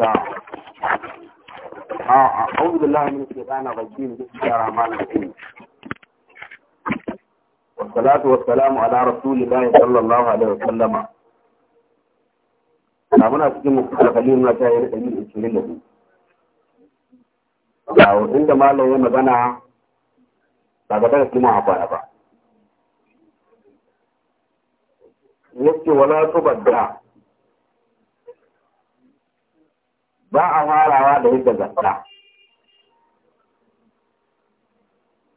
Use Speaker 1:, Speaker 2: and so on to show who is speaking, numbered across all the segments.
Speaker 1: أعوذ بالله من الشيطان الرجيم بسم الله الرحمن الرحيم والصلاة والسلام على رسول الله صلى الله عليه وسلم na muna cikin mukhtar kalil na ta yi ɗari ishirin da biyu ga inda malam ya magana ba ga daga kuma a ba wala ba a farawa da yadda zafara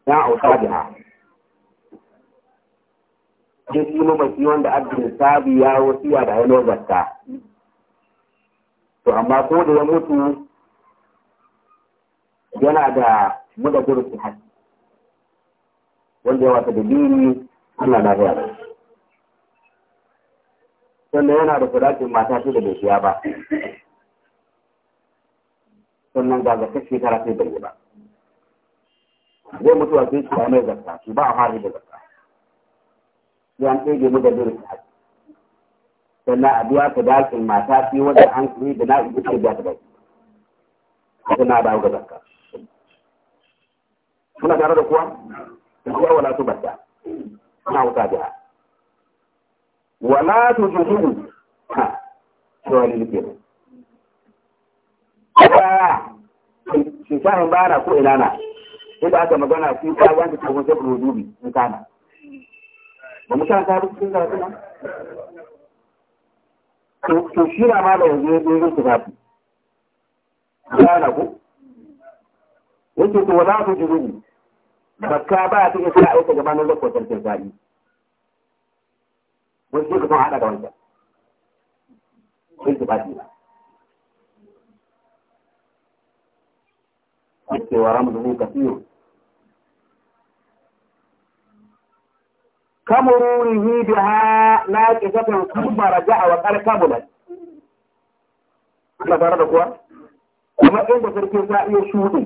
Speaker 1: ya auta biha duk yi mamaki wanda abin sabi ya wasiya da wani zafara to amma ko da ya mutu yana da muda su haƙƙi wanda ya wata da biyu ana lafiya sannan yana da kudakin mata shi da bai siya ba sannan ga zakar shekara sai bai yi ba zai mutu a cikin shi mai zakka shi ba a fara da zakka sai an ɗaya mu da lirin ta haƙi sannan a biya ta dakin mata fi wajen an kuri da na ibi ta biya ta daki haka na dawo ga zakka muna tare da kuwa da kuwa wala su bata ana wuta biya wala su juhu ha shi wani nufi baya shinkahin baya na ko ina na inda aka magana su ta wanda ke wajen rudubi in kana ba mu kana tabi cikin zarafi nan to shi na ma da yanzu ya zo su tafi na ko yake to wala su jirubi bakka ba ta iya sa aika gabanin lokacin kirkari wasu ka sun haɗa da wancan. Kun ake wa da ha na ake zafin kuma raja'a a wakar kabulat ana tare da kuwa kuma inda sarki ta iya shudi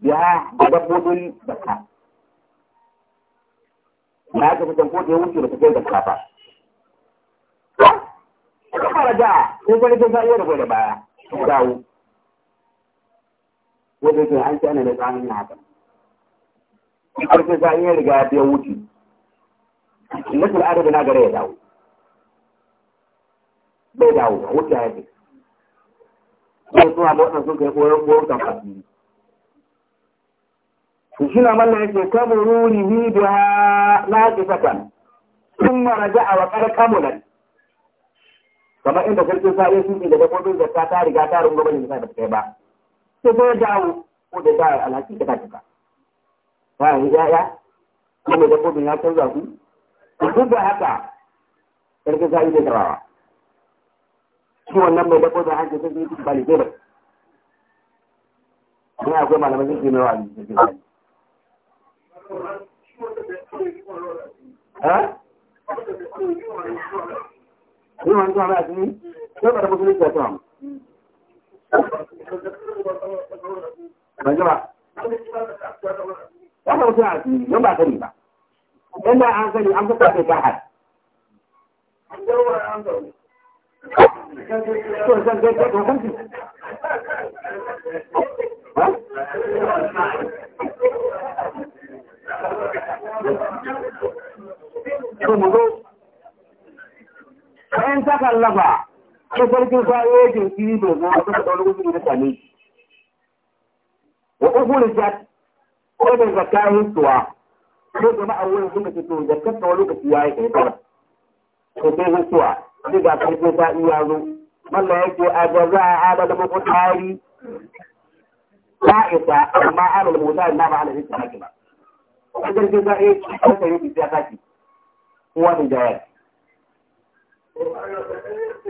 Speaker 1: biha da dabbobin da ka na ake fitan ko da ya wuce da fitar da kafa kuma raja'a sai sarki ta iya da baya dawo wanda ke an ana da tsamin na haka ƙarfi sa iya riga ya biya wuce nasu adabi na gare ya dawo bai dawo wuce ya ce sai suna da waɗansu kai koyon koyon kamfani to shi na mallan yake kamuru rihi da na haƙi sakan sun mara ja'a wa ƙarƙamunan kamar inda sarkin sa'ayi sun ce da dabbobin zakka ta riga ta rungu bane da ta kai ba tó fẹ́ dá o wọ́n ti dá àlàáfíà ìjẹ́kàjẹ́kà. Báyìí yáyá, Duk da haka, yi da tarawa. Shi wannan mai da hanci sun yi bali ke a jirgin Ha? wani ba Sai ba da musulunci ban ji ba wannan ba sani ba dan da an sani an ko sarkin e ya jinkiri domin wasu da wani wuzuri da same shi wa uhuri jat ko da zakahin suwa ko ya a ya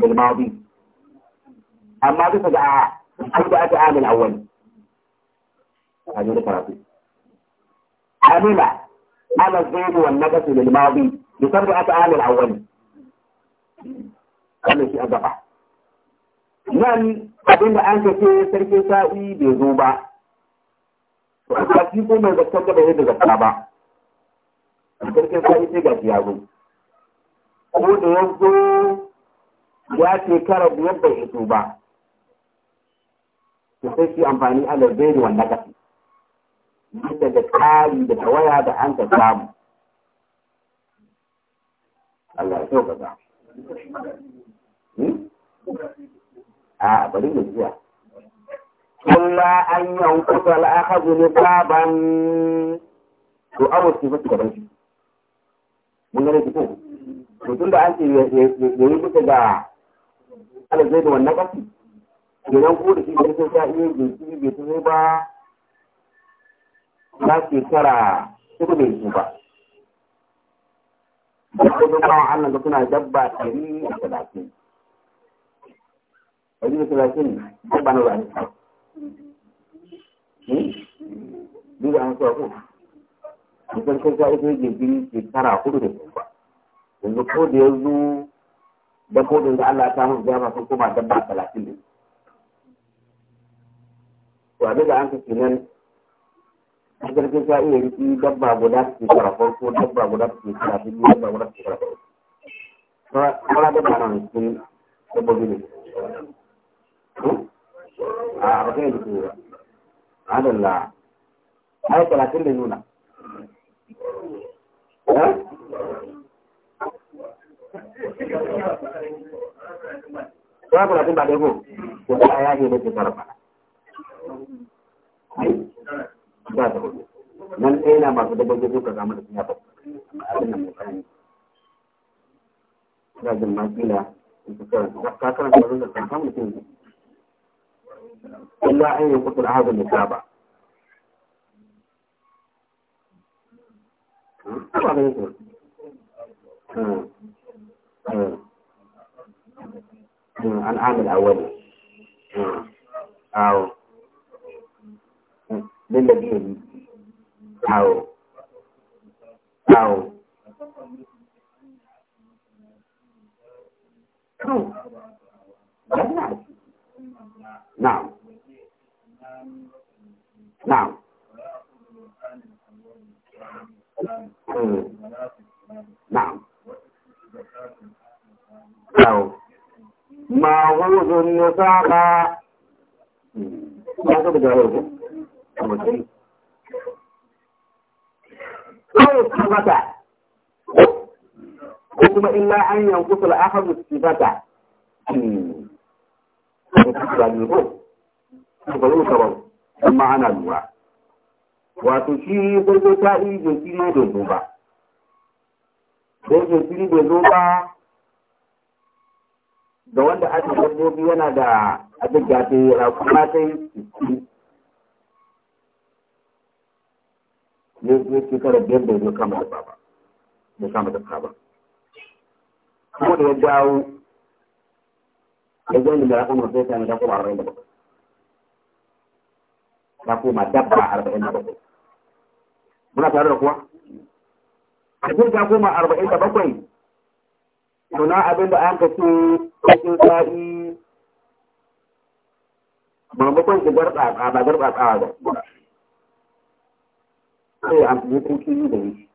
Speaker 1: بالماضي أما بفجأة أبدأت عام الأول هذه الكراسي عمل أنا الزيد والنجس للماضي بفجأة عام الأول wannan shi a gaba nan abin da an kace sarkin sa'i bai zo ba to a kashi ko bai yadda zakka ba sarkin sa'i sai gashi ya zo ko da ya zo ya shekara biyar bai hito ba to sai shi amfani alal bai ka fi? bisa da tsari da tawaya da an ka samu Allah ya sauka ka hmm? a bari mu jiya kulla an kusa al'akazu ne saban to abu ce fasu gaban shi mun gane ki ko Mutum da an ce ya yi bisa ga ala zai da wannan ƙasi idan ku da shi da sai ta iya jinsi bai tuzo ba na shekara uku bai su ba dabbobin bawan Allah da suna dabba ɗari da talatin ɗari da talatin dabba na rani hmm? duk da an sa ku kusan kai ta ita yake jiri shekara hudu da su yanzu ko da ya zo dabbobin da Allah ta hanzu zama sun kuma dabba talatin ne. Wadda da an ka ke nan, a jirgin ta iya riƙi dabba guda su ke karafar ko dabba guda su ke karafin biyu dabba guda su ke karafar. Kawara dabba na cikin dabbobi ne. Hmm? A ba kai jiki ba. Adalla, ai talatin da nuna. Eh? Ba ku latin ba dai ko? Ko ba ya ke da ke karfa. Ba ta hudu. Nan ɗaya na masu dabbobi suka samu da suna fasu. Abin nan mai Ina jin ma kila ka karanta wani da kan samun mutum ne. an yi kusur ahazin da ba. Hmm? Ba ba ne ko. Hmm. Hmm. an mm, amin awali mm, awo lalle biyu awo awo Now. Now. Now. ma hudun ba ka da ko kuma illa an yanku su su amma ana lura wato shi zai ta ne da zuba da wanda aka dabbobi yana da abin da ake yi rakuma ta yi ne ne shekarar biyar da zai kama da baba da kama da kaba kuma da ya dawo ya zai da rakuma sai ta ne da kuma arba'in da bakwai ta koma dabba arba'in da bakwai muna tare da kuwa a cikin ta koma arba'in da bakwai Suna abin da an kace cikin sa'i mamakon ki garbatsa ba garbatsa ba. Sai amfani tsinki da yi.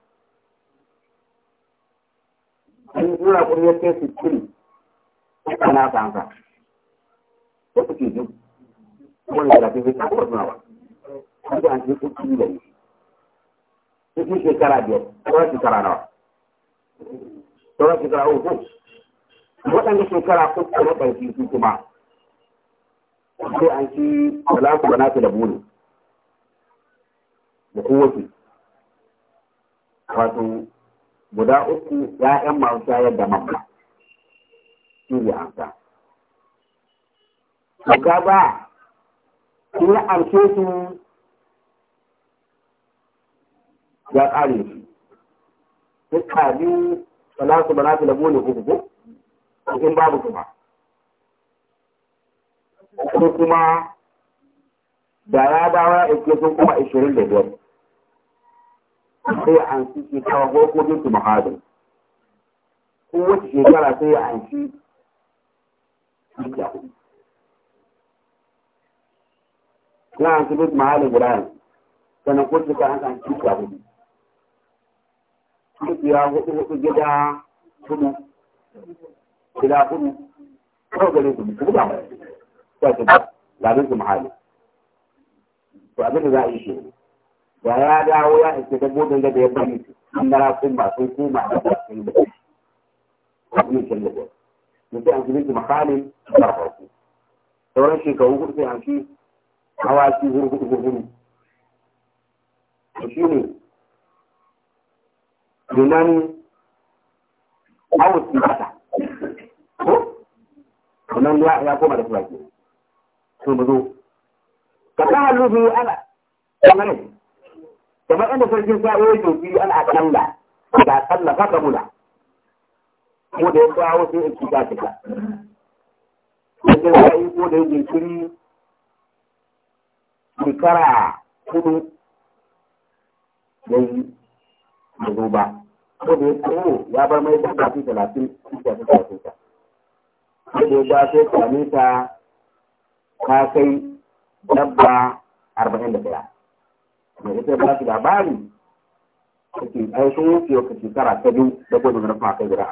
Speaker 1: An jura kuma ya kai su kiri a na kansa. Ya kuke ji. Wani da lafi zai kawo suna ba. An ji amfani tsinki da yi. Cikin shekara biyar, kuma shekara nawa. da wata zira uku waɗanda shekara uku na ɗauki su kuma sai an ci talatu ba nasu da buru da kowace wato guda uku ‘ya'yan masu shayar da mamma shi ne amsa. Ka ba, kun yi amshe su ya ƙare shi, ta biyu salatu ba su labo ne gugu in babu kuma ko kuma da ya dawa ake sun kuma ishirin da sai an su shekara ko ko bintu mahadin ko wata shekara sai an shi na an su bintu mahadin guda ne sannan ko shekara an shi kuɗi dukiya hudu hudu gida hudu gida hudu kawai gare su su buga mai ta ce ba labin su mahali to abin da za a yi shi Ba ya dawo ya iske dabbobin da ya bari an mara sun ba sun koma da ba sun da abin shi da ba sai an shi su mahali ba farko sauran shekaru hudu sai an shi hawaki hurhudu hurhudu to shi ne domin awus mata ko wannan ya ya koma da kuma ke to mu zo ka ta halubu ala kamar kamar inda sarkin sa'o'i to biyu ana akalla da sallah ka mula ko da ya kawo sai in kita kita wajen yi ko da ya jinkiri shekara hudu da yi da zo ba ko da ya tsawo oh, ya bar mai da kafin talatin da ta talatin ta ko da ya sai kame ta ka kai dabba arba'in da ɗaya mai ita ba su labari kake ai sun wuce wa kake tara ta biyu da gudun rufa kai guda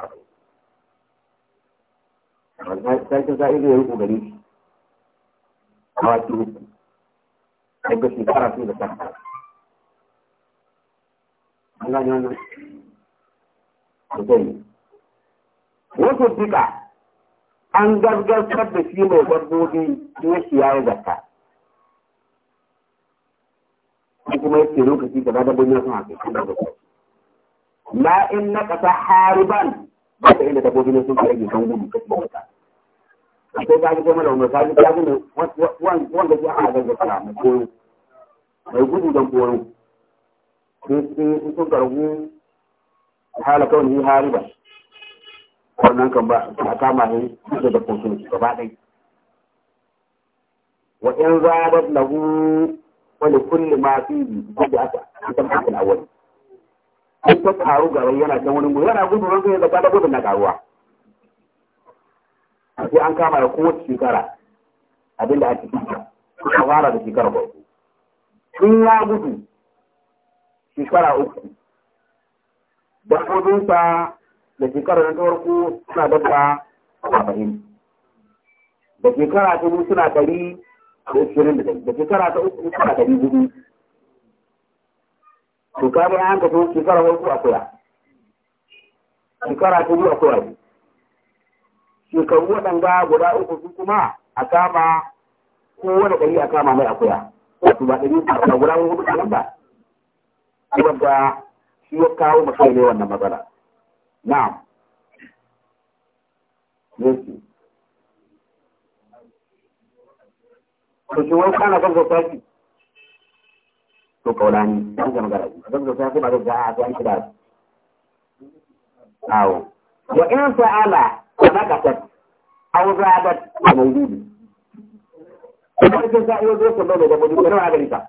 Speaker 1: arba'in sarkin sa'i ya yi ƙoƙari shi a wakil uku ai ga shekara sun da sarkar an wasu duka an gargasar da shi mai dabbobi ne shi ya yi zakka shi kuma yake lokaci gaba da duniya sun haƙe kan da la in na ƙasa hariban ba ta inda dabbobi ne sun kare kan gudu wata wani ta ta ji wanda shi aka gaggasa mai mai gudu don koyo in sun karbu hala kawai ni hari ba wannan kan ba a kama ne su da kusur gaba ɗai wa in zarar lahu wani kulli ma fi bi ko da aka kan kan awal in ta karu gaba yana can wani gudu yana gudu ranka ya da gudun na karuwa sai an kama da kowace shekara abinda a cikin ta fara da shekarar farko in ya gudu shekara uku dabbobinsa da shekara na farko suna dabba arba'in da shekara ta biyu suna dari da ishirin da dari. da shekara ta uku suna dari hudu to ka bai an tafi shekara farko a kura shekara ta biyu a kura shekaru waɗanda guda uku su kuma a kama kowane ɗari a kama mai akuya wato ba ɗari a guda uku a nan wanda shi ya kawo makai ne wannan matsala na'am yake to shi wani kana gaggauta shi to kaulani an ga magana shi gaggauta shi ba zai ga a shi da awo wa in sa'ala kana ka ta au a al-mawdud kuma kin sa'a yau zai kullu da mutum kana ga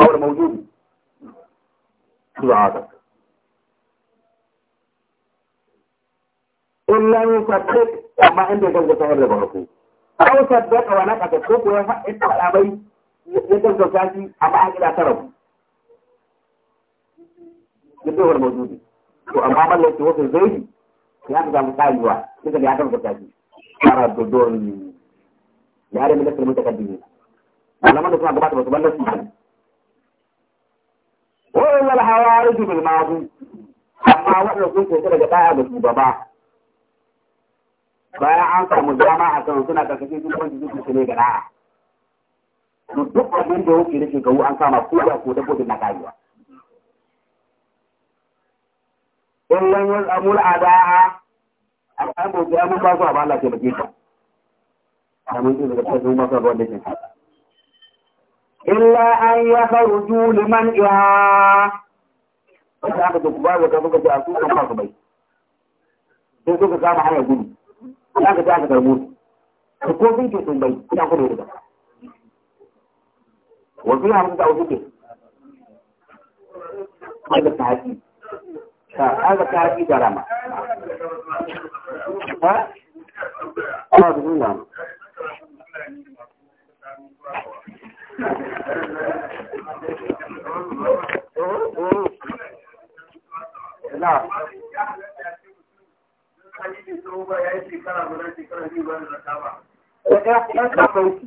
Speaker 1: هو الموجود ضعافك in lam yusaddiq amma yadda ba ku aw saddaqa wa naqata ko ko ya ya gaggata shi amma an gida tara ku yadda wal mawjudi to da suna gabata ba su wa'in alhawari su bil mazu amma waɗanda sun kusa daga ɗaya da su ba bayan an samu dama a kan suna karkashin sun kwanci sun kusa ne ga ɗaya to duk abin da wuce rashin gawo an sama ko da ko dabbobin na karewa in lan yaz'amul ada'a amma an bauta mun ba su a ba Allah ke bake ka amma in daga cikin mun ba su wanda ke illa an ya faruju liman wata aka babu suka ce a bai sun suka kama hanyar gudu ka ce aka karbo su ko sun ke sun bai ina kuma yadda wasu yana mutu ta haƙi ta haƙi da rama ha? nuna ɗan kasan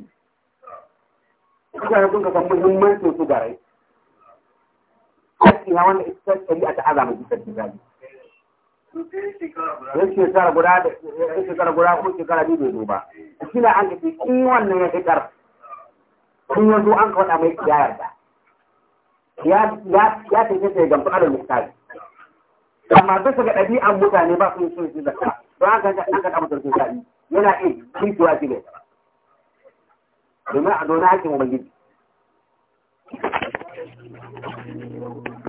Speaker 1: su suka yi sun kasan muhimmancin su garai haƙƙi na wanda ita shari'a ta azama bisa jizali yan shekara guda da yan shekara guda ko shekara biyu bai zo ba shi na an kace in wannan ya fitar in ya zo an kaɗa mai kiyayar da ya ya tafi ta gamsu da mustari amma duk ga ɗabi'an mutane ba su yi sun shi zakka don an ka kaɗa mutum sun yana iya kintuwa shi ne domin a domin haƙin ubangiji